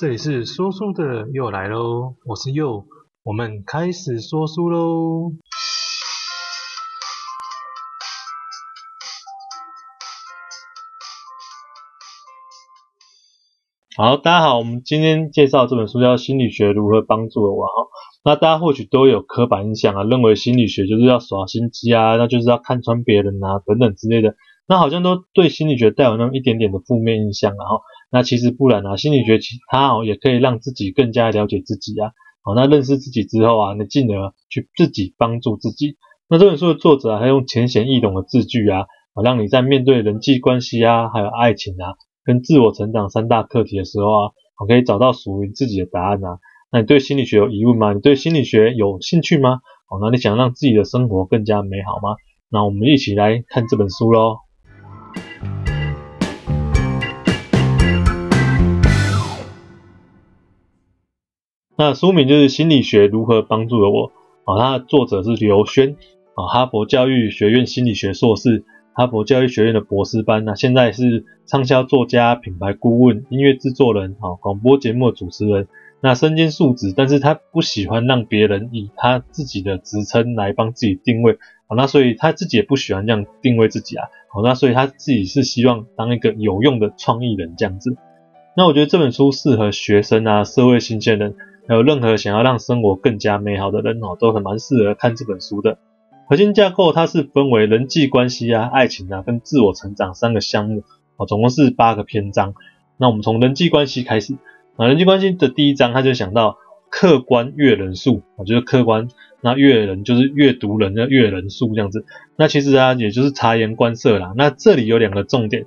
這裡是說書的佑來嘍，我是佑，我們開始說書嘍。好，大家好，我們今天介紹這本書叫《心理學如何幫助了我》哈。那大家或許都有刻板印象啊，認為心理學就是要耍心機啊，那就是要看穿別人啊，等等之類的，那好像都對心理學帶有那麼一點點的負面印象啊，然後。那其實不然啊，心理學其它哦也可以讓自己更加了解自己啊、哦，那認識自己之後啊，那進而去自己幫助自己。那這本書的作者啊，還用淺顯易懂的字句啊，啊、哦、讓你在面對人際關係啊，還有愛情啊，跟自我成長三大課題的時候啊、哦，可以找到屬於自己的答案啊。那你對心理學有疑問嗎？你對心理學有興趣嗎？哦、那你想讓自己的生活更加美好嗎？那我們一起來看這本書嘍。那書名就是《心理學如何幫助了我》啊，他的作者是劉軒啊，哈佛教育學院心理學碩士，哈佛教育學院的博士班，那現在是暢銷作家、品牌顧問、音樂制作人、好廣播節目的主持人，那身兼數職，但是他不喜歡讓別人以他自己的職稱來幫自己定位，好，那所以他自己也不喜歡這樣定位自己啊，好，那所以他自己是希望當一個有用的創意人這樣子。那我覺得這本書適合學生啊，社會新鮮人。還有任何想要讓生活更加美好的人哦，都很蠻適合看這本書的。核心架構它是分為人際關係啊、愛情啊跟自我成長三個項目哦，總共是八個篇章。那我們從人際關係開始，那人際關係的第一章他就想到客觀閱人術啊，就是客觀，那閱人就是閱讀人的閱人術這樣子。那其實啊，也就是察言觀色啦。那這裡有兩個重點。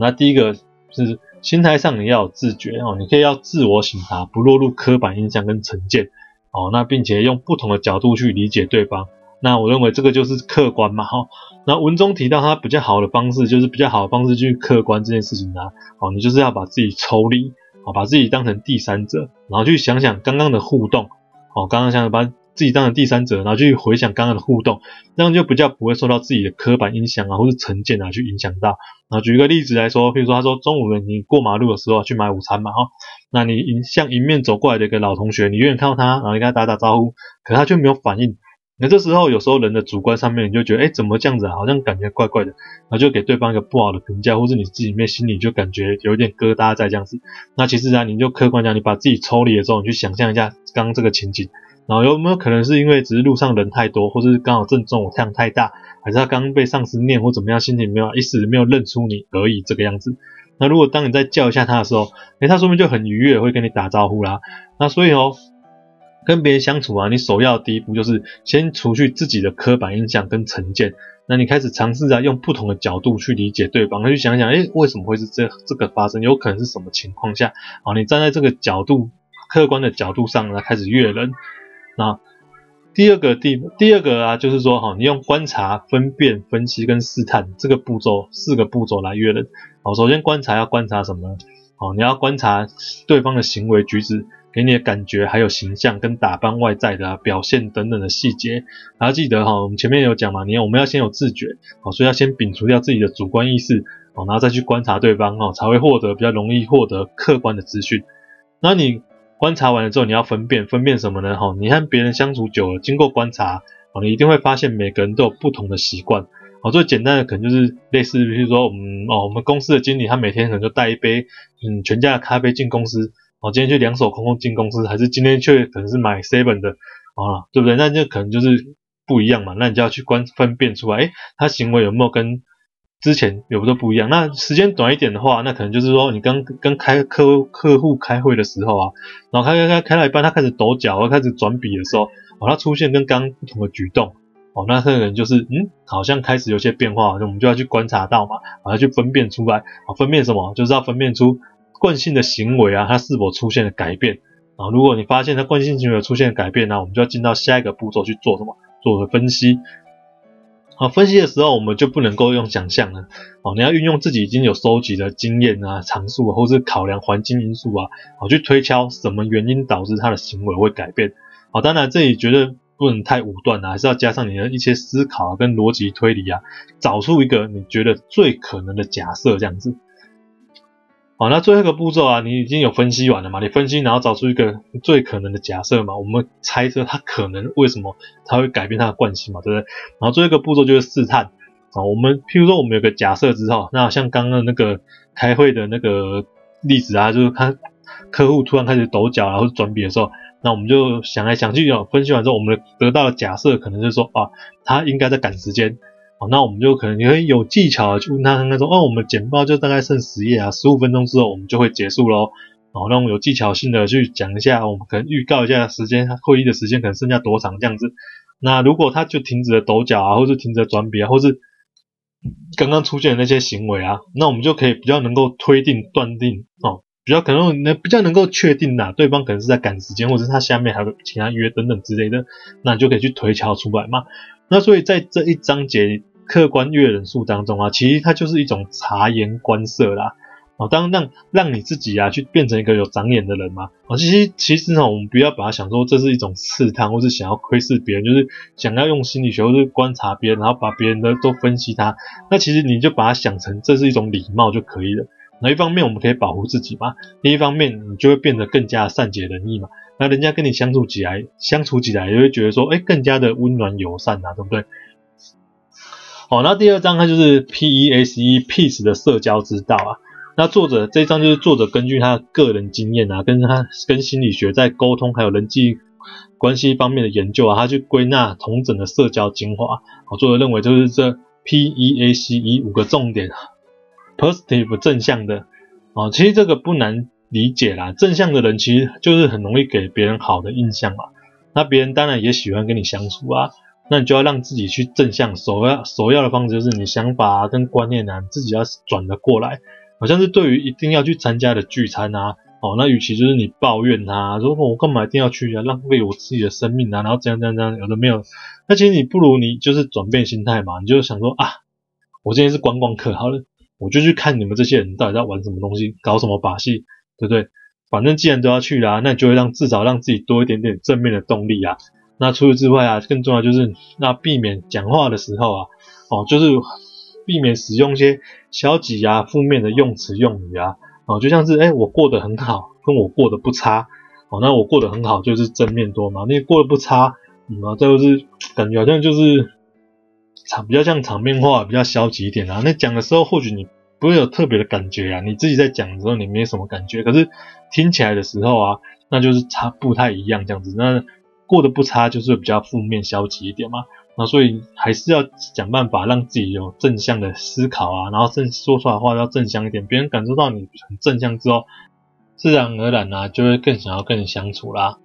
那第一個是。心態上你要有自覺哦，你可以要自我省察，不落入刻板印象跟成見哦，那並且用不同的角度去理解對方。那我認為這個就是客觀嘛，哈。那文中提到他比較好的方式，就是比較好的方式去客觀這件事情呢，哦，你就是要把自己抽離，把自己當成第三者，然後去想想剛剛的互動，哦，剛剛想想把。.自己當成第三者，然後去回想剛剛的互動，這樣就比較不會受到自己的刻板印象啊，或是成見啊去影響到。然後舉一個例子來說，譬如說他說中午你過馬路的時候去買午餐嘛、哦，哈，那你迎像迎面走過來的一個老同學，你遠遠看到他，然後你跟他打打招呼，可他卻沒有反應。那這時候有時候人的主觀上面你就覺得，誒、欸、怎麼這樣子啊？好像感覺怪怪的，然後就給對方一個不好的評價，或是你自己裡面心裡就感覺有點疙瘩在這樣子。那其實啊，你就客觀講，你把自己抽離的時候，你去想象一下剛剛這個情景。然後有沒有可能是因為只是路上人太多，或者是剛好正中午太陽太大，還是他剛、剛被上司念或怎麼樣，心情沒有一時沒有認出你而已這個樣子。那如果當你再叫一下他的時候，誒，他說不定就很愉悅會跟你打招呼啦。那所以哦，跟別人相處啊，你首要的第一步就是先除去自己的刻板印象跟成見。那你開始嘗試着、啊、用不同的角度去理解對方，去想一想，誒，為什麼會是這這個發生，有可能是什麼情況下。好，你站在這個角度客觀的角度上呢，開始閱人。那第二個第，第二個啊，就是說，哈，你用觀察、分辨、分析跟試探這個步驟，四個步驟來約人。好，首先觀察要觀察什麼呢？哦，你要觀察對方的行為舉止，給你的感覺，還有形象跟打扮外在的、啊、表現等等的細節。還要記得，哈，我們前面有講嘛，你我們要先有自覺，哦，所以要先摒除掉自己的主觀意識，哦，然後再去觀察對方，哦，才會獲得比較容易獲得客觀的資訊。那你。觀察完了之後，你要分辨，分辨什麼呢？哈、哦，你和別人相處久了，經過觀察，哦，你一定會發現每個人都有不同的習慣。哦，最簡單的可能就是類似，比如說我們哦，我們公司的經理他每天可能就帶一杯嗯全家的咖啡進公司，哦，今天去兩手空空進公司，還是今天去，可能是買 seven 的，哦，對不對？那這可能就是不一樣嘛。那你就要去觀分辨出來，誒，他行為有沒有跟。之前有的都不一樣，那時間短一點的話，那可能就是說你剛剛開客戶客戶開會的時候啊，然後開開開開到一半，他開始抖腳，開始轉筆的時候，哦，他出現跟剛不同的舉動，哦，那可能就是嗯，好像開始有些變化，那我們就要去觀察到嘛，然後，啊，去分辨出來，啊，分辨什麼？就是要分辨出慣性的行為啊，他是否出現了改變，啊，如果你發現他慣性行為出現了改變呢，那我們就要進到下一個步驟去做什麼？做個分析。啊、哦，分析的時候我們就不能夠用想象了，哦，你要運用自己已經有收集的經驗啊、常數啊，或者是考量環境因素啊，哦，去推敲什麼原因導致他的行為會改變。好、哦，當然這裡絕對不能太武斷啊，還是要加上你的一些思考、啊、跟邏輯推理啊，找出一個你覺得最可能的假設這樣子。好、哦，那最後一個步驟啊，你已經有分析完了嘛？你分析然後找出一個最可能的假設嘛？我們猜測他可能為什麼他會改變他的慣性嘛？對不對？然後最後一個步驟就是試探啊、哦。我們譬如說我們有個假設之後，那像剛剛那個開會的那個例子啊，就是看客戶突然開始抖腳然後轉筆的時候，那我們就想來想去，分析完之後，我們得到的假設可能就是說啊、哦，他應該在趕時間。那我們就可能你會有技巧的去問他，剛剛說，哦，我們簡報就大概剩十頁啊，十五分鐘之後我們就會結束嘍。哦，那我們有技巧性的去講一下，我們可能預告一下時間，會議的時間可能剩下多長這樣子。那如果他就停止了抖腳啊，或是停止了轉筆啊，或是剛剛出現的那些行為啊，那我們就可以比較能夠推定斷定哦，比較可能能比較能夠確定吶，啊，對方可能是在趕時間，或者是他下面還有其他約等等之類的，那你就可以去推敲出來嘛。那所以在這一章節。客觀閱人數當中啊，其實它就是一種察言觀色啦，啊，當然讓讓你自己啊去變成一個有長眼的人嘛，啊，其實其實呢，我們不要把它想說這是一種刺探，或是想要窺視別人，就是想要用心理學或是觀察別人，然後把別人的都分析他，那其實你就把它想成這是一種禮貌就可以了。那一方面我們可以保護自己嘛，另一方面你就會變得更加的善解人意嘛，那人家跟你相處起來相處起來也會覺得說，哎、欸，更加的溫暖友善啊，對不對？好、哦、那第二章它就是 P E A C E Peace 的社交之道啊。那作者這一章就是作者根據他的個人經驗啊，跟他跟心理學在溝通還有人際關係方面的研究啊，他去歸納同整的社交精華。我、哦、作者認為就是這 P E A C E 五個重點啊，Positive 正向的。啊、哦。其實這個不難理解啦，正向的人其實就是很容易給別人好的印象啊。那別人當然也喜歡跟你相處啊。那你就要讓自己去正向，首要首要的方式就是你想法跟觀念啊，你自己要轉得過來。好像是對於一定要去參加的聚餐啊，哦，那與其就是你抱怨他、啊，如果我幹嘛一定要去啊，浪費我自己的生命啊，然後怎樣怎樣怎樣，有的沒有。那其實你不如你就是轉變心態嘛，你就想說啊，我今天是觀光客，好了，我就去看你們這些人到底在玩什麼東西，搞什麼把戲，對不對？反正既然都要去啦、啊，那你就會讓至少讓自己多一點點正面的動力啊。那除此之外啊，更重要就是那避免講話的時候啊，哦，就是避免使用一些消極啊、負面的用詞、用語啊，哦，就像是誒、欸，我過得很好，跟我過得不差，哦，那我過得很好就是正面多嘛，你過得不差，什、嗯、麼、啊、就是感覺好像就是場比較像場面話，比較消極一點啊。那講的時候或許你不會有特別的感覺啊，你自己在講的時候你沒什麼感覺，可是聽起來的時候啊，那就是差不太一樣這樣子，那。過得不差，就是比較負面消極一點嘛。那所以還是要想辦法讓自己有正向的思考啊，然後正說出來的話要正向一點，別人感受到你很正向之後，自然而然啊就會更想要跟你相處啦。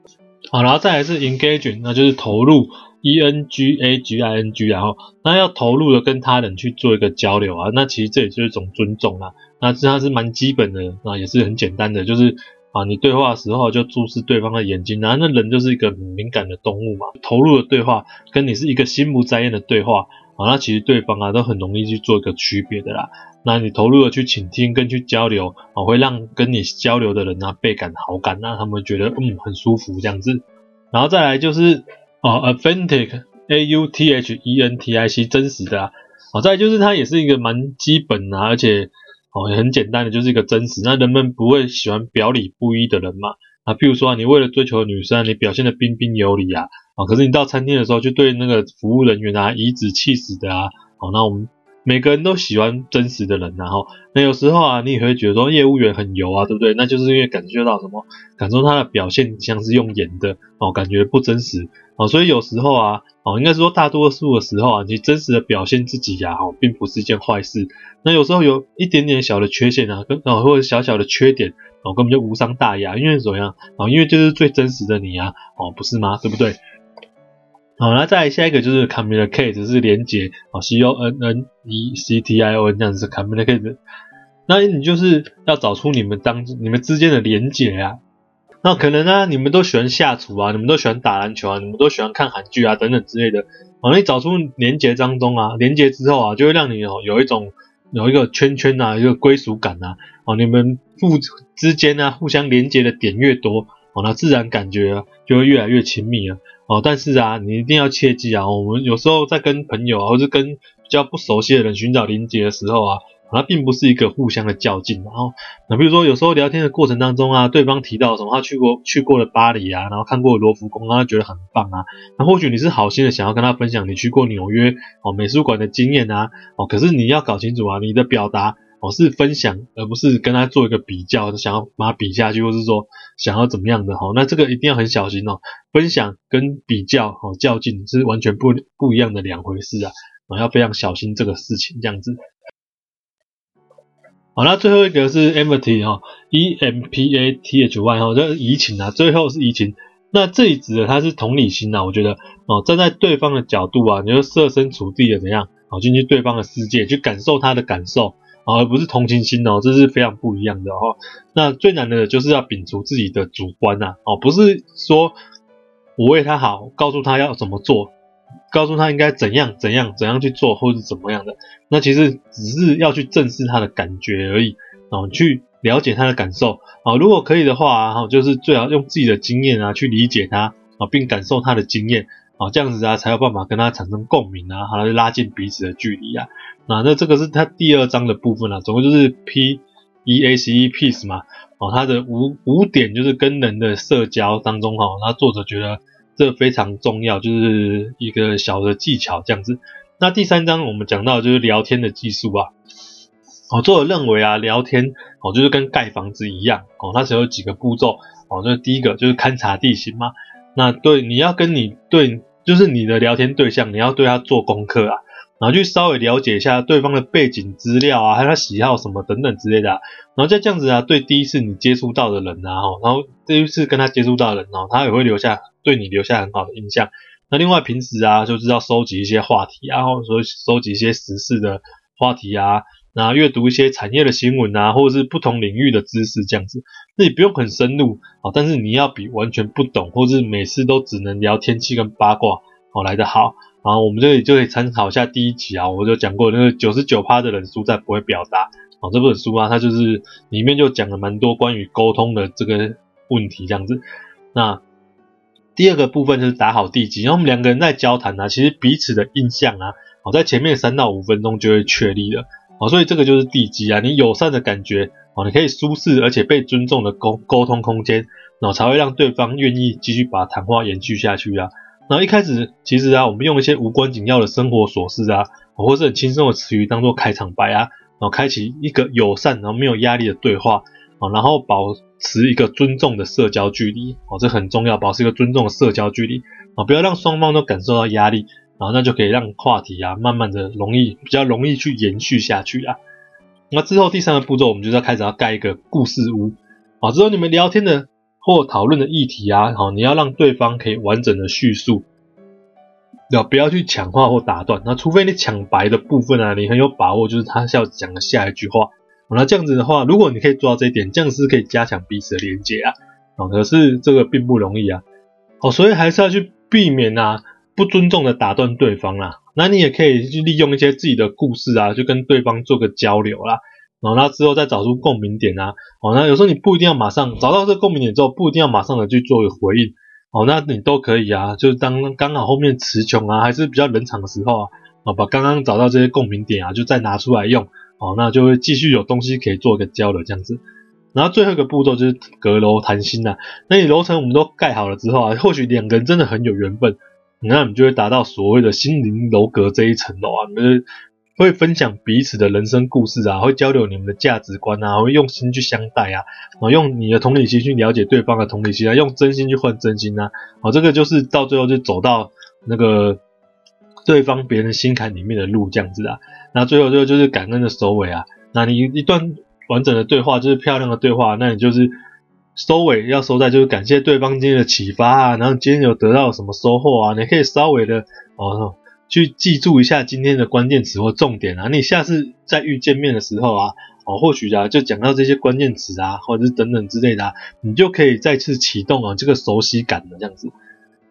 好、啊，然後再來是 engaging，那就是投入，e n g a g i n g，然後那要投入的跟他人去做一個交流啊，那其實這也就是一種尊重啦、啊。那這它是蠻基本的啊，也是很簡單的，就是。啊，你對話的時候就注視對方的眼睛，然後那人就是一個敏感的動物嘛。投入的對話跟你是一個心不在焉的對話啊，那其實對方啊都很容易去做一個區別的啦。那你投入的去傾聽跟去交流啊，會讓跟你交流的人啊倍感好感，讓他們覺得嗯，很舒服這樣子。然後再來就是哦，啊，Authentic，A U T H E N T I C，真實的啊。好，啊，再來就是它也是一個蠻基本的啊，而且。哦，也很簡單的，就是一個真實。那人們不會喜歡表裡不一的人嘛？啊，譬如說啊，你為了追求女生，你表現得彬彬有禮啊，啊、哦，可是你到餐廳的時候，就對那個服務人員啊，頤指氣使的啊。好、哦，那我們。每個人都喜歡真實的人，啊，然後那有時候啊，你也會覺得說業務員很油啊，對不對？那就是因為感覺到什麼，感受他的表現像是用演的哦，感覺不真實啊，哦。所以有時候啊，啊，哦，應該是說大多數的時候啊，你真實的表現自己呀，啊，哦，並不是一件壞事。那有時候有一點點小的缺陷啊，跟，哦，或者小小的缺點，哦，根本就無傷大雅，啊，因為怎麼樣啊，哦？因為就是最真實的你呀，啊，哦，不是嗎？對不對？好，那再來下一個就是 communicate，是連接啊，C O N N E C T I O N，這樣子是 communicate，那你就是要找出你們當你們之間的連接啊。那可能啊，你們都喜歡下廚啊，你們都喜歡打籃球啊，你們都喜歡看韓劇啊等等之類的。好，那你找出連接當中啊，連接之後啊，就會讓你有有一種有一個圈圈啊，一個歸屬感啊。好，你們互之間啊，互相連接的點越多，好那自然感覺就會越來越親密啊。哦，但是啊，你一定要切記啊，我們有時候在跟朋友啊，或者跟比較不熟悉的人尋找連接的時候啊，它並不是一個互相的較勁。然後，那比如說有時候聊天的過程當中啊，對方提到什麼他去過去過了巴黎啊，然後看過了羅浮宮，啊，覺得很棒啊。那或許你是好心的想要跟他分享你去過紐約哦美術館的經驗吶，啊，哦，可是你要搞清楚啊，你的表達哦是分享，而不是跟他做一個比較，想要把他比下去，或是說，想要怎麼樣的哈？那這個一定要很小心哦。分享跟比較哦，較勁是完全不不一樣的兩回事啊。要非常小心這個事情，這樣子。好，那最後一個是 empathy 哈，E M P A T H Y 哈，這是移情啊。最後是移情。那這一指的它是同理心啊。我覺得哦，站在對方的角度啊，你就設身處地的怎樣啊，進去對方的世界，去感受他的感受。而不是同情心哦，這是非常不一樣的哦。那最難的就是要摒除自己的主觀啊。哦，不是說我為他好，告訴他要怎麼做，告訴他應該怎樣怎樣怎樣去做，或者是怎麼樣的。那其實只是要去正視他的感覺而已，哦，去了解他的感受啊、哦。如果可以的話、啊，哈、哦，就是最好用自己的經驗啊去理解他啊、哦，並感受他的經驗。哦，這樣子啊，才有辦法跟他產生共鳴啊，好了，拉近彼此的距離啊。那那這個是他第二章的部分啊，總共就是 P E A C E piece 嘛。哦，他的五五點就是跟人的社交當中哈，那、哦、作者覺得這非常重要，就是一個小的技巧這樣子。那第三章我們講到的就是聊天的技術啊。哦，作者認為啊，聊天哦就是跟蓋房子一樣哦，它只有幾個步驟哦。那第一個就是勘察地形嘛。那對，你要跟你對。就是你的聊天對象，你要對他做功課啊，然後去稍微了解一下對方的背景資料啊，還有他喜好什麼等等之類的，啊，然後再這樣子啊，對第一次你接觸到的人啊，然後第一次跟他接觸到的人，啊，然後他也會留下對你留下很好的印象。那另外平時啊，就是要收集一些話題啊，或者說收集一些時事的話題啊。那閱、啊、讀一些產業的新聞啊，或者是不同領域的知識這樣子，那你不用很深入啊，但是你要比完全不懂，或者是每次都只能聊天氣跟八卦，好、啊、來得好。然、啊、我們這裡就可以參考一下第一集啊，我就講過那個九十九趴的人輸在不會表達啊，這本書啊，它就是裡面就講了蠻多關於溝通的這個問題這樣子。那第二個部分就是打好地基，然後我們兩個人在交談啊，其實彼此的印象啊，好在前面三到五分鐘就會確立了。好，所以這個就是地基啊，你友善的感覺，你可以舒適而且被尊重的溝溝通空間，然後才會讓對方願意繼續把談話延續下去啊。然後一開始其實啊，我們用一些無關緊要的生活瑣事啊，或是很輕鬆的詞語當做開場白啊，然後開啟一個友善然後沒有壓力的對話啊，然後保持一個尊重的社交距離啊，這很重要，保持一個尊重的社交距離啊，不要讓雙方都感受到壓力。然後那就可以讓話題啊，慢慢的容易比較容易去延續下去啊。那之後第三個步驟，我們就要開始要蓋一個故事屋啊。之後你們聊天的或討論的議題啊，好，你要讓對方可以完整的敘述，不要去搶話或打斷。那除非你搶白的部分啊，你很有把握，就是他要講的下一句話。那這樣子的話，如果你可以做到這一點，這樣是可以加強彼此的連結啊。好，可是這個並不容易啊。好，所以還是要去避免啊。不尊重的打斷對方啦、啊，那你也可以去利用一些自己的故事啊，去跟對方做個交流啦、啊。哦，那之後再找出共鳴點啊。哦，那有時候你不一定要馬上找到這共鳴點之後，不一定要馬上的去做一個回應。哦，那你都可以啊，就是當剛好後面詞窮啊，還是比較冷場的時候啊，把剛剛找到這些共鳴點啊，就再拿出來用。哦，那就會繼續有東西可以做一個交流這樣子。然後最後一個步驟就是閣樓談心啦、啊。那你樓層我們都蓋好了之後啊，或許兩個人真的很有緣分。那你就會達到所謂的心靈樓閣這一層樓，啊，你就會分享彼此的人生故事啊，會交流你們的價值觀啊，會用心去相待啊，用你的同理心去了解對方的同理心啊，用真心去換真心啊。哦，這個就是到最後就走到那個對方別人心坎裡面的路這樣子啊，那最後最後就是感恩的收尾啊，那你一段完整的對話就是漂亮的對話，那你就是。收尾要收在就是感謝對方今天的啟發啊，然後今天有得到什麼收穫啊？你可以稍微的哦去記住一下今天的關鍵詞或重點啊，你下次再遇見面的時候啊，哦或許啊就講到這些關鍵詞啊，或者是等等之類的啊，你就可以再次啟動啊這個熟悉感的這樣子。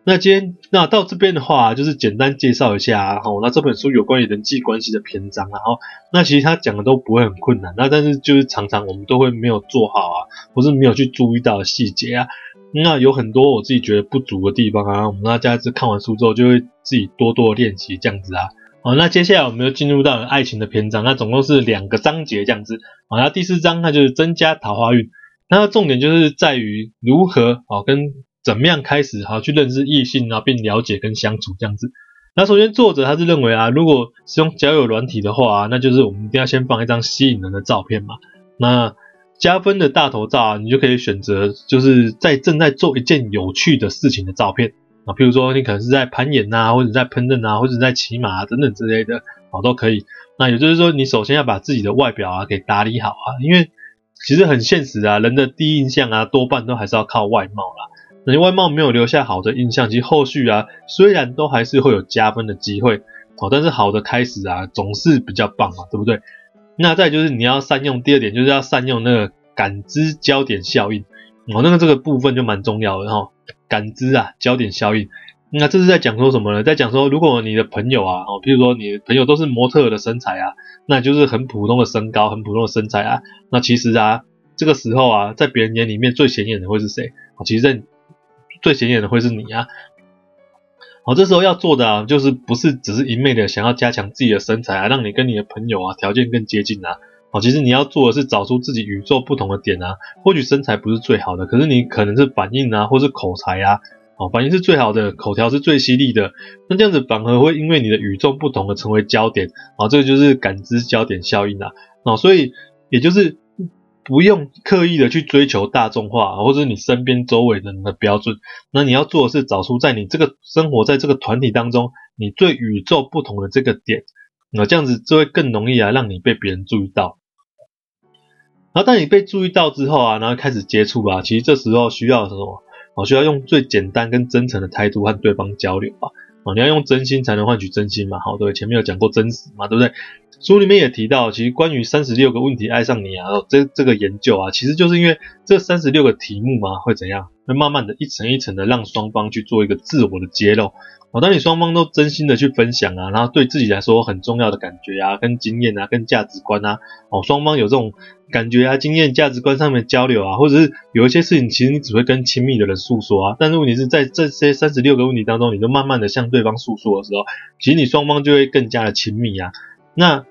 那今天那到這邊的話、啊，就是簡單介紹一下啊、哦，那這本書有關於人際關係的篇章、啊，然、哦、後那其實他講的都不會很困難，那但是就是常常我們都會沒有做好啊，或是沒有去注意到細節啊，那有很多我自己覺得不足的地方啊，我們大家是看完書之後就會自己多多練習這樣子啊，好、哦，那接下來我們就進入到了愛情的篇章，那總共是兩個章節這樣子，好、哦，那第四章那就是增加桃花運，那它重點就是在於如何啊、哦、跟怎麼樣開始好、啊、去認識異性啊，並了解跟相處這樣子？那首先，作者他是認為啊，如果使用交友軟體的話、啊、那就是我們一定要先放一張吸引人的照片嘛。那加分的大頭照、啊，你就可以選擇就是在正在做一件有趣的事情的照片啊，譬如說你可能是在攀岩吶、啊，或者在烹飪啊，或者在騎馬、啊、等等之類的，好，都可以。那也就是說，你首先要把自己的外表啊給打理好啊，因為其實很現實啊，人的第一印象啊，多半都還是要靠外貌啦。你外貌沒有留下好的印象，其實後續啊，雖然都還是會有加分的機會，好，但是好的開始啊，總是比較棒嘛，對不對？那再就是你要善用第二點，就是要善用那個感知焦點效應，哦，那個這個部分就蠻重要的哈。感知啊，焦點效應，那這是在講說什麼呢？在講說，如果你的朋友啊，哦，譬如說你的朋友都是模特的身材啊，那就是很普通的身高，很普通的身材啊，那其實啊，這個時候啊，在別人眼裡面最顯眼的會是誰？哦，其實你。最顯眼的會是你啊，好、哦，這時候要做的啊，就是不是只是一昧的想要加強自己的身材啊，讓你跟你的朋友啊條件更接近啊，好、哦，其實你要做的是找出自己與眾不同的點啊，或許身材不是最好的，可是你可能是反應啊，或是口才啊，哦，反應是最好的，口條是最犀利的，那這樣子反而會因為你的與眾不同而成為焦點啊，哦，這個就是感知焦點效應啊，哦，所以也就是不用刻意的去追求大眾化，或者是你身邊周圍人的、的標準。那你要做的是找出在你這個生活在這個團體當中，你最與眾不同的這個點。那這樣子就會更容易啊，讓你被別人注意到。然後當你被注意到之後啊，然後開始接觸吧。其實這時候需要什麼？我需要用最簡單跟真誠的態度和對方交流啊。啊，你要用真心才能換取真心嘛，好，對，前面有講過真實嘛，對不對？書裡面也提到，其實關於三十六個問題愛上你啊，這這個研究啊，其實就是因為這三十六個題目嘛，啊，會怎樣？會慢慢的一層一層的讓雙方去做一個自我的揭露。哦，當你雙方都真心的去分享啊，然後對自己來說很重要的感覺啊、跟經驗啊、跟價值觀啊，哦，雙方有這種感覺啊、經驗、價值觀上面交流啊，或者是有一些事情其實你只會跟親密的人訴說啊，但如果你是在這些三十六個問題當中，你都慢慢的向對方訴說的時候，其實你雙方就會更加的親密啊。那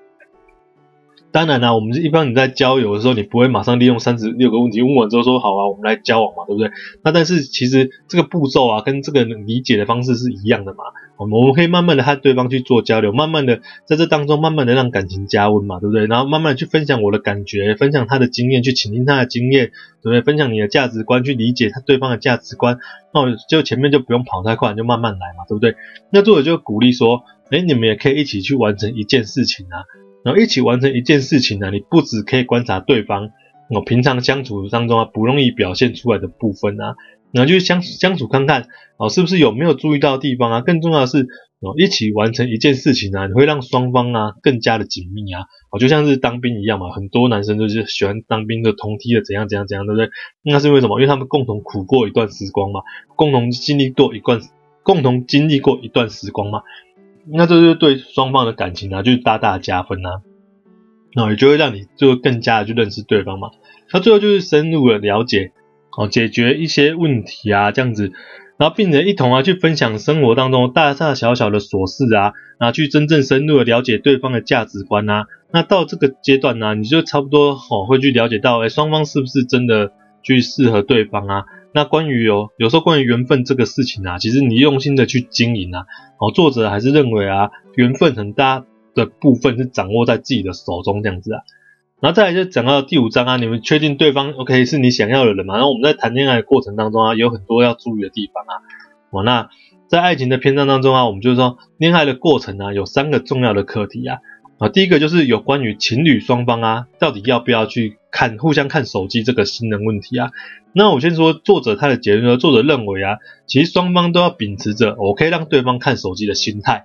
當然啦，啊，我們是一般你在交友的時候，你不會馬上利用三十六個問題問我之後說好啊，我們來交往嘛，對不對？那但是其實這個步驟啊，跟這個理解的方式是一樣的嘛。我們我們可以慢慢的和對方去做交流，慢慢的在這當中，慢慢的讓感情加溫嘛，對不對？然後慢慢的去分享我的感覺，分享他的經驗，去傾聽他的經驗，對不對？分享你的價值觀，去理解他對方的價值觀。那我就前面就不用跑太快，就慢慢來嘛，對不對？那作者就鼓勵說。哎、欸，你們也可以一起去完成一件事情啊，然後一起完成一件事情啊，你不只可以觀察對方，平常相處當中啊，不容易表現出來的部分啊，然後就是相相處看看哦，是不是有沒有注意到的地方啊？更重要的是哦，一起完成一件事情啊，你會讓雙方啊更加的緊密啊，就像是當兵一樣嘛，很多男生都是喜歡當兵的同梯的，怎樣怎樣怎樣，對不對？那是因為什麼？因為他們共同苦過一段時光嘛，共同經歷過一段，共同經歷過一段時光嘛。那這就是對雙方的感情啊，就是大大加分吶，啊，那也就會讓你就更加的去認識對方嘛。他最後就是深入的了解，哦，解決一些問題啊，這樣子，然後並且一同啊去分享生活當中大大小小的瑣事啊，然後去真正深入的了解對方的價值觀啊。那到這個階段呢，啊，你就差不多哦會去了解到，誒、欸，雙方是不是真的去適合對方啊？那關於有有時候關於緣分這個事情啊，其實你用心的去經營啊，哦，作者還是認為啊，緣分很大的部分是掌握在自己的手中這樣子啊，然後再來就講到第五章啊，你們確定對方 OK 是你想要的人嗎？然後我們在談戀愛的過程當中啊，有很多要注意的地方啊，哦，那在愛情的篇章當中啊，我們就是說戀愛的過程啊，有三個重要的課題啊，啊第一個就是有關於情侶雙方啊，到底要不要去。看互相看手機這個新的問題啊，那我先說作者他的結論呢，作者認為啊，其實雙方都要秉持着我、哦、可以讓對方看手機的心態，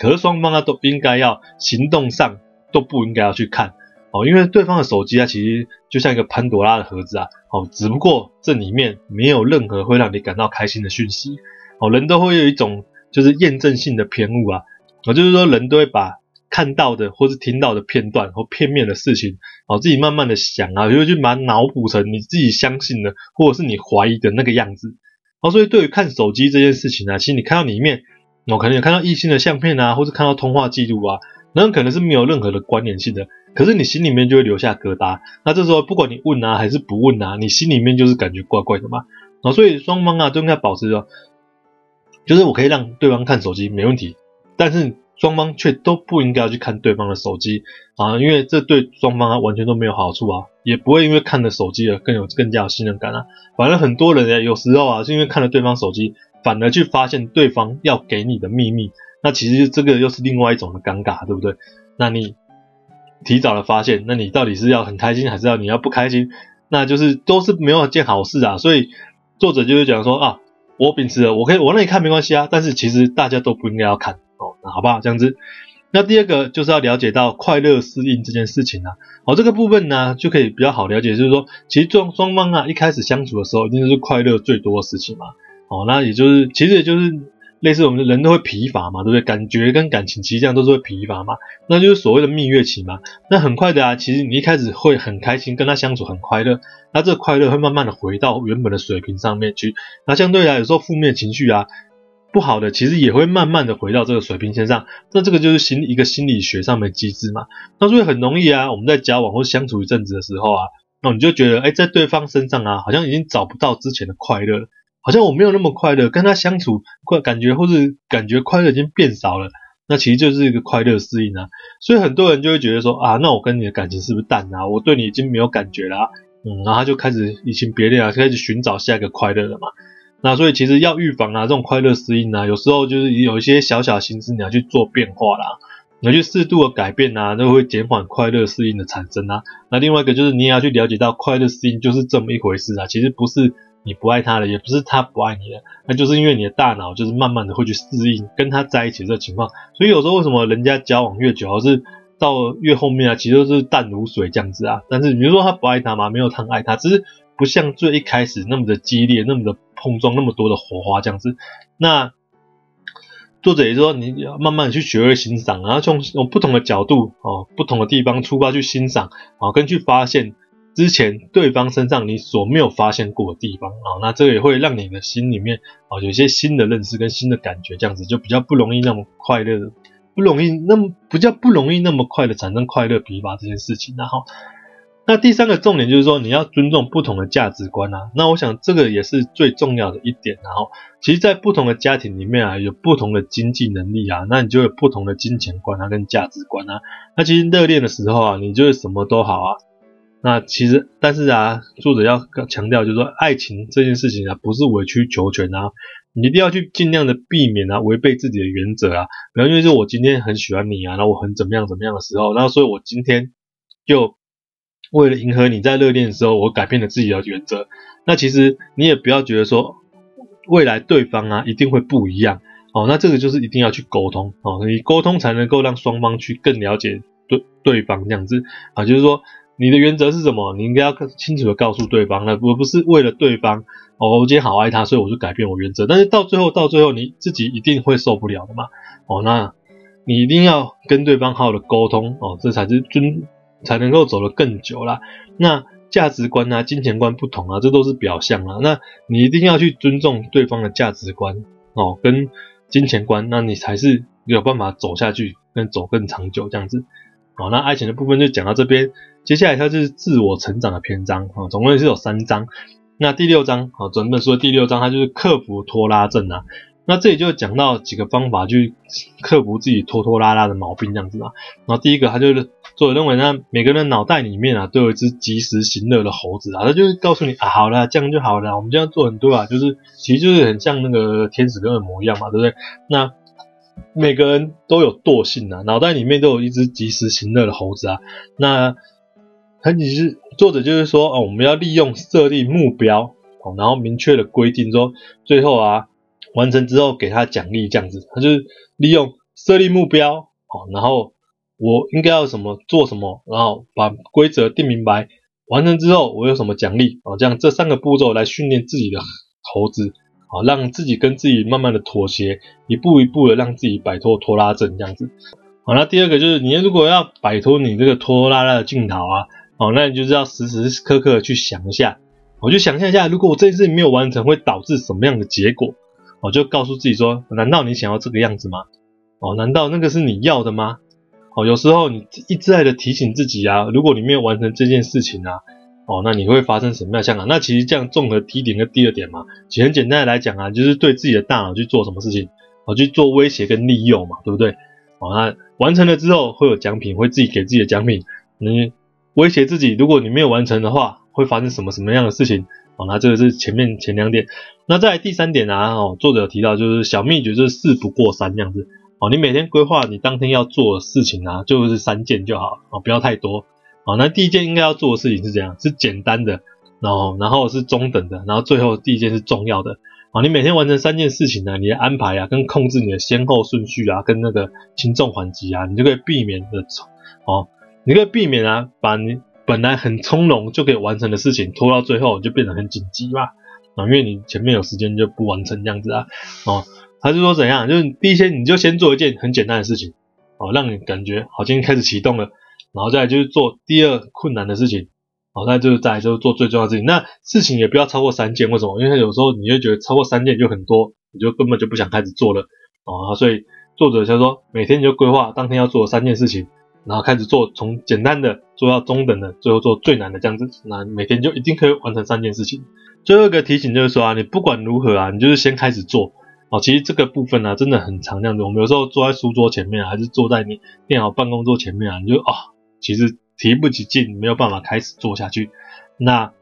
可是雙方啊都應該要行動上都不應該要去看哦，因為對方的手機啊其實就像一個潘朵拉的盒子啊，哦，只不過這裡面沒有任何會讓你感到開心的訊息哦，人都會有一種就是驗證性的偏誤啊，我、哦、就是說人都會把。看到的或是聽到的片段或片面的事情，哦，自己慢慢的想啊，就會去把它腦補成你自己相信的或者是你懷疑的那個樣子，哦，所以對於看手機這件事情呢、啊，其實你看到裡面，哦，可能有看到異性的相片啊，或是看到通話記錄啊，那可能是沒有任何的關聯性的，可是你心裡面就會留下疙瘩，那這時候不管你問啊還是不問啊，你心裡面就是感覺怪怪的嘛，所以雙方啊都應該保持着，就是我可以讓對方看手機沒問題，但是。雙方卻都不應該要去看對方的手機啊，因為這對雙方、啊、完全都沒有好處啊，也不會因為看了手機而更有更加有信任感啊。反正很多人呢，有時候啊，是因為看了對方手機，反而去發現對方要給你的秘密，那其實這個又是另外一種的尷尬、啊，對不對？那你提早的發現，那你到底是要很開心，還是要你要不開心？那就是都是沒有一件好事啊。所以作者就是講說啊，我秉持了我可以我讓你看沒關係啊，但是其實大家都不應該要看。好不好吧，這樣子。那第二個就是要了解到快樂適應這件事情呢、啊。好、哦，這個部分呢、啊、就可以比較好了解，就是說，其實雙雙方啊一開始相處的時候，一定是快樂最多的事情嘛。哦，那也就是，其實也就是類似我們人都會疲乏嘛，對不對？感覺跟感情其實這樣都是會疲乏嘛。那就是所謂的蜜月期嘛。那很快的啊，其實你一開始會很開心，跟他相處很快樂。那這個快樂會慢慢的回到原本的水平上面去。那相對來，有時候負面情緒啊。不好的，其實也會慢慢的回到這個水平線上，那這個就是心一個心理學上面機制嘛，那所以很容易啊，我們在交往或相處一陣子的時候啊，那你就覺得，誒、欸，在對方身上啊，好像已經找不到之前的快樂了，好像我沒有那麼快樂，跟他相處，快感覺或是感覺快樂已經變少了，那其實就是一個快樂適應啊，所以很多人就會覺得說，啊，那我跟你的感情是不是淡了、啊？我對你已經沒有感覺了、啊，嗯，然後他就開始移情別戀啊，開始尋找下一個快樂了嘛。那所以其實要預防啊，這種快樂適應啊，有時候就是有一些小小心思你要去做變化啦，你要去適度的改變吶啊，那會減緩快樂適應的產生啊。那另外一個就是你也要去了解到，快樂適應就是這麼一回事啊。其實不是你不愛他了，也不是他不愛你了，那就是因為你的大腦就是慢慢的會去適應跟他在一起的這個情況。所以有時候為什麼人家交往越久，而是到越後面啊，其實都是淡如水這樣子啊。但是你就是說他不愛他嘛，沒有他愛他，只是。不像最一開始那麼的激烈，那麼的碰撞，那麼多的火花這樣子。那作者也說，你要慢慢去學會欣賞，然後從從不同的角度哦，不同的地方出發去欣賞啊、哦，跟去發現之前對方身上你所沒有發現過的地方啊、哦。那這個也會讓你的心裡面啊、哦，有一些新的認識跟新的感覺，這樣子就比較不容易那麼快樂，不容易那麼不叫不容易那麼快的產生快樂疲乏這件事情。然後啊。那第三個重點就是說，你要尊重不同的價值觀啊。那我想這個也是最重要的一點。然後，其實，在不同的家庭裡面啊，有不同的經濟能力啊，那你就有不同的金錢觀啊跟價值觀啊。那其實熱戀的時候啊，你就是什麼都好啊。那其實，但是啊，作者要強調就是說，愛情這件事情啊，不是委曲求全啊，你一定要去盡量的避免啊，違背自己的原則啊。然後，因為是我今天很喜歡你啊，然後我很怎麼樣怎麼樣的時候，然後所以我今天就。為了迎合你在熱戀的時候，我改變了自己的原則。那其實你也不要覺得說未來對方啊一定會不一樣哦。那這個就是一定要去溝通哦，你溝通才能夠讓雙方去更了解對對方這樣子啊。就是說你的原則是什麼？你應該要更清楚地告訴對方。那我不是為了對方哦，我今天好愛他，所以我就改變我原則。但是到最後，到最後你自己一定會受不了的嘛。哦，那你一定要跟對方好好的溝通哦，這才是才能夠走得更久啦。那價值觀啊、金錢觀不同啊，這都是表象啊。那你一定要去尊重對方的價值觀哦，跟金錢觀，那你才是有辦法走下去，跟走更長久這樣子。好，那愛情的部分就講到這邊，接下來它就是自我成長的篇章啊，哦，總共是有三章。那第六章啊，整本書的第六章，它就是克服拖拉症啊。那這裡就講到幾個方法去克服自己拖拖拉拉的毛病，這樣子嘛。然後第一個，他就是作者認為，那每個人腦袋裡面啊，都有一隻及時行樂的猴子啊，他就是告訴你，啊，好了，這樣就好了。我們這樣做很多啊，就是其實就是很像那個天使跟惡魔一樣嘛，對不對？那每個人都有惰性啊，腦袋裡面都有一隻及時行樂的猴子啊。那很其實，作者就是說，哦，我們要利用設立目標，然後明確的規定說最後啊。完成之後給他獎勵，這樣子，他就是利用設立目標，好，然後我應該要什麼做什麼，然後把規則定明白，完成之後我有什麼獎勵，哦，這樣這三個步驟來訓練自己的投資，好，讓自己跟自己慢慢的妥協，一步一步的讓自己擺脫拖拉症，這樣子，好，那第二個就是你如果要擺脫你這個拖拖拉拉的鏡頭啊，哦，那你就是要時時刻刻的去想一下，我就想象一下，如果我這一次沒有完成，會導致什麼樣的結果？我、哦、就告訴自己說，難道你想要這個樣子嗎？哦，難道那個是你要的嗎？哦，有時候你一再的提醒自己啊，如果你沒有完成這件事情啊，哦，那你會發生什麼樣的？像啊、那其實這樣綜合第一點跟第二點嘛，其實很簡單的來講啊，就是對自己的大腦去做什麼事情，哦，去做威脅跟利誘嘛，對不對？哦，那完成了之後會有獎品，會自己給自己的獎品，你威脅自己，如果你沒有完成的話，會發生什麼什麼樣的事情？好、哦，那這個是前面前兩點，那再第三點啊，哦，作者有提到就是小秘訣，就是事不過三這樣子。哦，你每天規劃你當天要做的事情啊，就是三件就好了啊、哦，不要太多。哦，那第一件應該要做的事情是怎樣，是簡單的，然、哦、後然後是中等的，然後最後第一件是重要的。啊、哦，你每天完成三件事情呢、啊，你的安排啊，跟控制你的先後順序啊，跟那個輕重緩急啊，你就可以避免的。哦，你可以避免啊，把你。本來很從容就可以完成的事情，拖到最後就變得很緊急嘛，啊，因為你前面有時間就不完成這樣子啊，哦，還是說怎樣？就是第一天你就先做一件很簡單的事情，哦，讓你感覺好，今天開始啟動了，然後再來就是做第二困難的事情，哦，那就是再來就是做最重要的事情。那事情也不要超過三件，為什麼？因為他有時候你就覺得超過三件就很多，你就根本就不想開始做了，哦，所以作者就說每天你就規劃當天要做三件事情。然後開始做，從簡單的做到中等的，最後做最難的這樣子。那每天就一定可以完成三件事情。最後一個提醒就是說啊，你不管如何啊，你就是先開始做。哦，其實這個部分呢，啊，真的很常見的。我們有時候坐在書桌前面，還是坐在你電腦辦公桌前面啊，你就啊，哦，其實提不起勁，沒有辦法開始做下去。那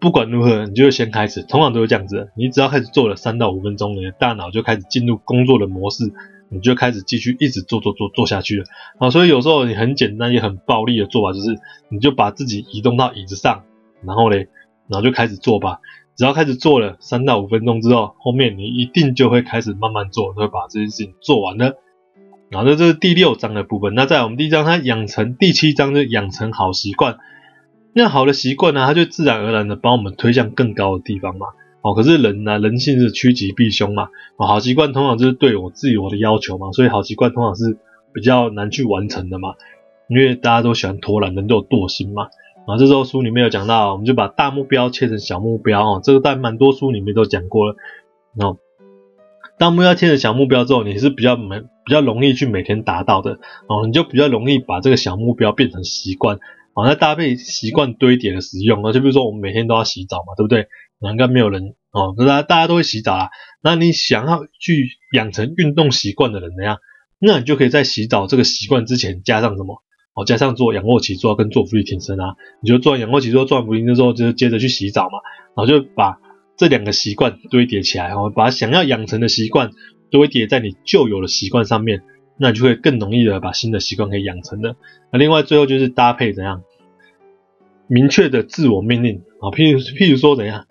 不管如何，你就先開始，通常都是這樣子。你只要開始做了三到五分鐘，你的大腦就開始進入工作的模式。你就開始繼續一直做做做做下去了啊！所以有時候你很簡單也很暴力的做法，就是你就把自己移動到椅子上，然後嘞，然後就開始做吧。只要開始做了三到五分鐘之後，後面你一定就會開始慢慢做，會把這件事情做完了。然後這是第六章的部分。那在我們第一章它養成，第七章就養成好習慣。那好的習慣呢，它就自然而然的把我們推向更高的地方嘛。哦，可是人呢、啊，人性是趨吉避凶嘛、哦，好習慣通常就是對我自己我的要求嘛，所以好習慣通常是比較難去完成的嘛，因為大家都喜歡偷懶，人都有惰性嘛，啊，這時候書裡面有講到，我們就把大目標切成小目標，哦，這個在蠻多書裡面都講過了，哦、嗯，大目標切成小目標之後，你是比較每比較容易去每天達到的，哦，你就比較容易把這個小目標變成習慣，啊、哦，那搭配習慣堆疊的使用，那、啊、就比如說我們每天都要洗澡嘛，對不對？難怪沒有人哦，那大，大家都會洗澡啦。那你想要去養成運動習慣的人怎樣？那你就可以在洗澡這個習慣之前加上什麼哦？加上做仰臥起坐跟做伏地挺身啊。你就做完仰臥起坐，做伏地挺身之後，就接着去洗澡嘛。然後、哦、就把這兩個習慣堆疊起來、哦、把想要養成的習慣堆疊在你舊有的習慣上面，那你就會更容易的把新的習慣給養成的。那另外最後就是搭配怎樣？明確的自我命令啊、哦，譬如譬如說怎樣？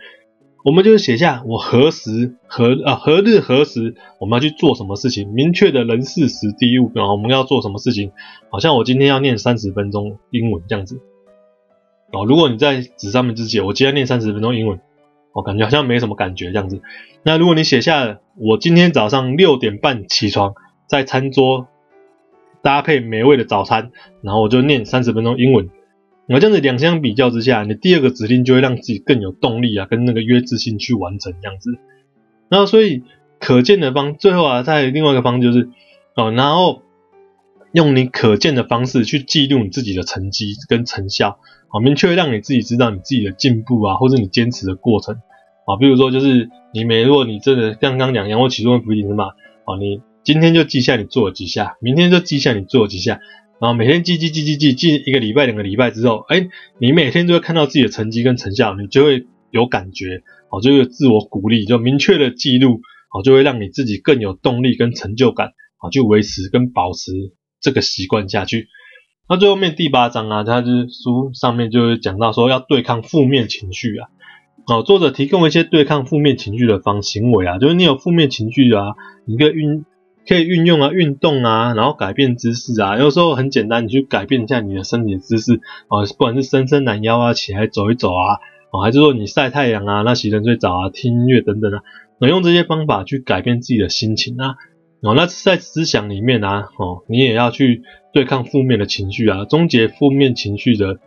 我們就寫下我何時何啊何日何時，我們要去做什麼事情，明確的人事時地物，然後我們要做什麼事情，好像我今天要唸三十分鐘英文這樣子。哦，如果你在紙上面只寫，我今天要唸三十分鐘英文，我、哦、感覺好像沒什麼感覺這樣子。那如果你寫下我今天早上六點半起床，在餐桌搭配美味的早餐，然後我就唸三十分鐘英文。然後這樣子兩相比較之下，你第二個指令就會讓自己更有動力啊，跟那個約制性去完成這樣子。然後所以可見的方，最後啊，在另外一個方就是哦，然後用你可見的方式去記錄你自己的成績跟成效，好、哦，明確讓你自己知道你自己的進步啊，或者你堅持的過程啊，比、哦、如說就是你每如果你真的剛剛兩樣，或其中不一定嘛，啊、哦，你今天就記下你做了幾下，明天就記下你做了幾下。然後每天記記記記記，記,記一個禮拜兩個禮拜之後，哎，你每天都會看到自己的成績跟成效，你就會有感覺，哦，就會有自我鼓勵，就明確的記錄，好，就會讓你自己更有動力跟成就感，好，就維持跟保持這個習慣下去。那最後面第八章啊，它就是書上面就會講到說要對抗負面情緒啊，哦，作者提供一些對抗負面情緒的方式行為啊，就是你有負面情緒啊，一個運。可以運用啊，運動啊，然後改變姿勢啊，有時候很簡單，你去改變一下你的身體的姿勢啊、哦，不管是伸伸懶腰啊，起來走一走啊、哦，還是說你曬太陽啊，那洗個冷水澡啊，聽音樂等等啊，能、嗯、用這些方法去改變自己的心情啊、哦，那在思想裡面啊，哦，你也要去對抗負面的情緒啊，終結負面情緒的，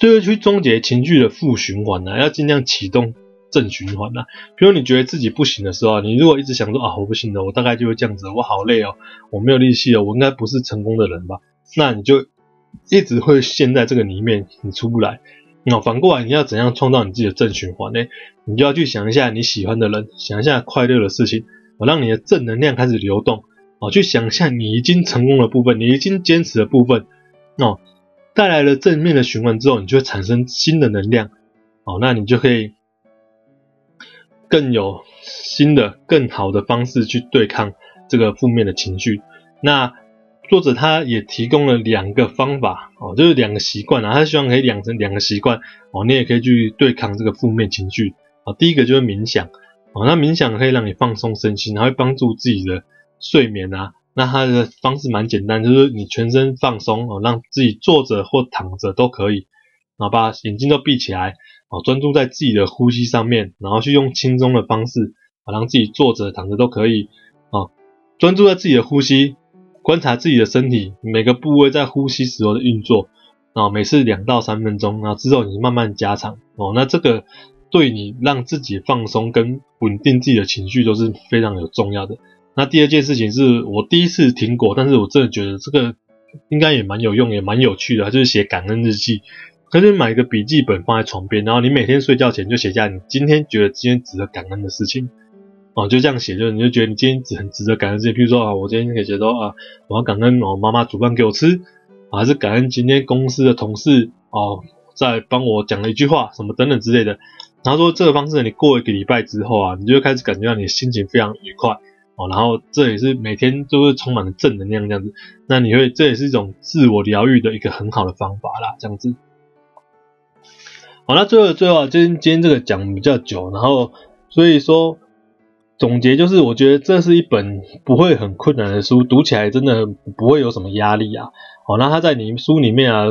就是去終結情緒的負循環啊，要盡量啟動。正循環啊，比如你覺得自己不行的時候，你如果一直想說啊，我不行了，我大概就會這樣子，我好累哦，我沒有力氣哦，我應該不是成功的人吧？那你就一直會陷在這個裡面，你出不來。哦，反過來你要怎樣創造你自己的正循環呢？你就要去想一下你喜歡的人，想一下快樂的事情，我讓你的正能量開始流動，哦，去想一下你已經成功的部分，你已經堅持的部分，哦，帶來了正面的循環之後，你就會產生新的能量，哦，那你就可以。更有新的、更好的方式去對抗這個負面的情緒。那作者他也提供了兩個方法哦，就是兩個習慣啊，他希望可以養成兩個習慣哦，你也可以去對抗這個負面情緒啊。哦，第一個就是冥想哦，那冥想可以讓你放鬆身心，還會幫助自己的睡眠啊。那他的方式蠻簡單，就是你全身放鬆哦，讓自己坐着或躺着都可以，然後把眼睛都閉起來。哦，專注在自己的呼吸上面，然後去用輕鬆的方式，啊，讓自己坐着躺着都可以，啊、哦，專注在自己的呼吸，觀察自己的身體每個部位在呼吸時候的運作，啊、哦，每次兩到三分鐘，那之後你慢慢加長，哦，那這個對你讓自己放鬆跟穩定自己的情緒都是非常有重要的。那第二件事情是我第一次聽過，但是我真的覺得這個應該也蠻有用，也蠻有趣的，就是寫感恩日記。可以買一個筆記本放在床邊，然後你每天睡覺前就寫下你今天覺得今天值得感恩的事情哦，就這樣寫，就你就覺得你今天值很值得感恩的事情，譬如說啊，我今天可以寫說啊，我要感恩我媽媽煮飯給我吃，啊，還是感恩今天公司的同事哦，在、啊、幫我講了一句話什麼等等之類的。然後說這個方式，你過一個禮拜之後啊，你就開始感覺到你的心情非常愉快哦，啊，然後這也是每天都是充滿了正能量這樣子。那你會，這也是一種自我療癒的一個很好的方法啦，這樣子。好，那最後的最後啊，今天今天這個講比較久，然後所以說總結就是，我覺得這是一本不會很困難的書，讀起來真的不會有什麼壓力啊。好，那他在你書裡面啊，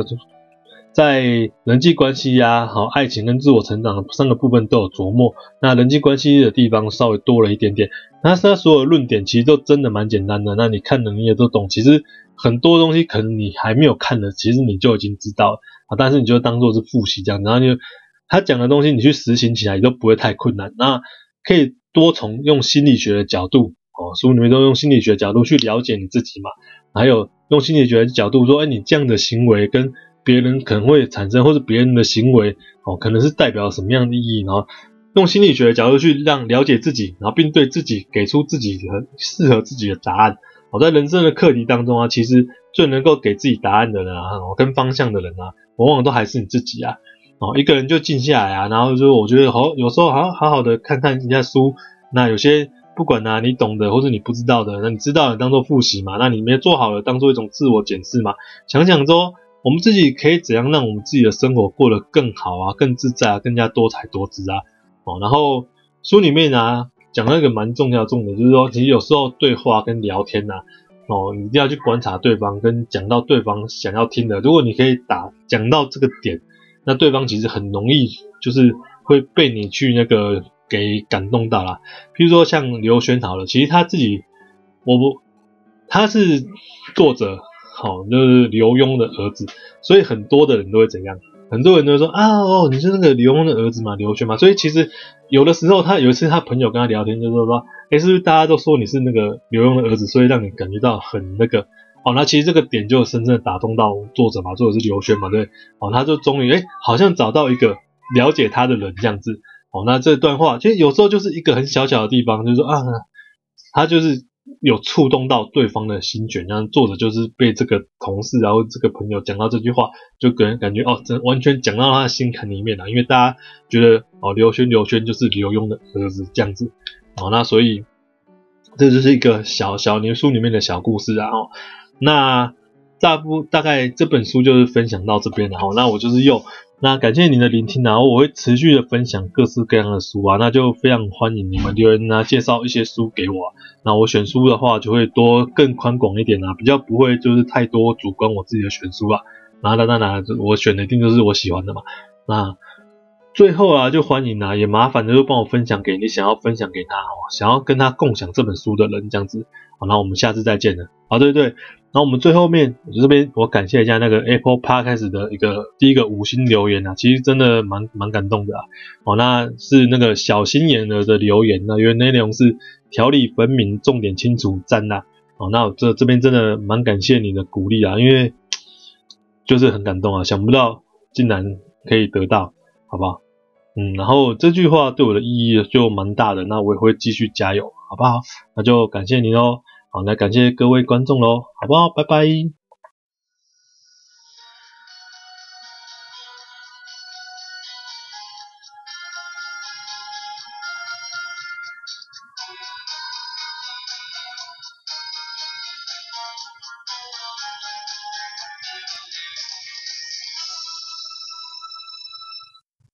在人際關係呀、啊、好愛情跟自我成長的三個部分都有琢磨。那人際關係的地方稍微多了一點點，那他所有論點其實都真的蠻簡單的，那你看的你也都懂。其實很多東西可能你還沒有看的，其實你就已經知道了。啊，但是你就當做是複習這樣，然後就他講的東西你去實行起來你都不會太困難。那可以多從用心理學的角度，哦，書裡面都用心理學的角度去了解你自己嘛，還有用心理學的角度說，哎，你這樣的行為跟別人可能會產生，或是別人的行為，哦，可能是代表什麼樣的意義？然後用心理學的角度去讓了解自己，然後並對自己給出自己的適合自己的答案。我，哦，在人生的課題當中啊，其實最能夠給自己答案的人啊，哦，跟方向的人啊。往往都還是你自己啊，哦，一個人就靜下來啊，然後就我覺得好，哦，有時候好好好，好的看看人家書，那有些不管啊，你懂的或者你不知道的，那你知道了當做複習嘛，那你沒做好了當做一種自我檢視嘛，想想說我們自己可以怎樣讓我們自己的生活過得更好啊，更自在啊，更加多才多姿啊，哦，然後書裡面呢講了一個蠻重要重點的，就是說其實有時候對話跟聊天啊。哦，你一定要去觀察對方，跟講到對方想要聽的。如果你可以打，講到這個點，那對方其實很容易就是會被你去那個給感動到啦。譬如說像劉軒好了，其實他自己，我不，他是作者，好，哦，就是劉墉的兒子，所以很多的人都會怎樣？很多人都會說啊，哦，你是那個劉墉的兒子嗎？劉軒嗎？所以其實有的時候他有一次他朋友跟他聊天，就說說。也是，是大家都說你是那個劉墉的兒子，所以讓你感覺到很那個哦。那其實這個點就深深打動到作者嘛，作者是劉軒嘛，對，哦，他就終於哎，好像找到一個了解他的人這樣子。哦，那這段話其實有時候就是一個很小巧的地方，就是說啊，他就是有觸動到對方的心弦。然後作者就是被這個同事，然後這個朋友講到這句話，就給人感覺哦，這完全講到他的心坎裡面了。因為大家覺得哦，劉軒劉軒就是劉墉的兒子這樣子。哦，那所以。這就是一個小小年書裡面的小故事，啊、哦。那大部，大概這本書就是分享到這邊了，然後那我就是用那感謝您的聆聽啊，我會持續的分享各式各樣的書啊，那就非常歡迎你們留言啊，介紹一些書給我，啊，那我選書的話就會多更寬廣一點啊，比較不會就是太多主觀我自己的選書啊，那當然我選的一定就是我喜歡的嘛，那。最後啊，就歡迎啦、啊，也麻煩的就幫我分享給你想要分享給他，哦，想要跟他共享這本書的人，這樣子，好，那我們下次再見了，好，對對，對，然後我們最後面，我這邊我感謝一下那個 Apple Podcast 開始的一個第一個五星留言啊，其實真的蠻蠻感動的啊，哦，那是那個小心眼兒的留言，那因為內容是條理分明，重點清楚贊吶，哦，那我這這邊真的蠻感謝你的鼓勵啊，因為就是很感動啊，想不到竟然可以得到，好不好？嗯，然後這句話對我的意義就蠻大的，那我也會繼續加油，好不好？那就感謝您嘍。好，那感謝各位觀眾嘍，好不好？拜拜。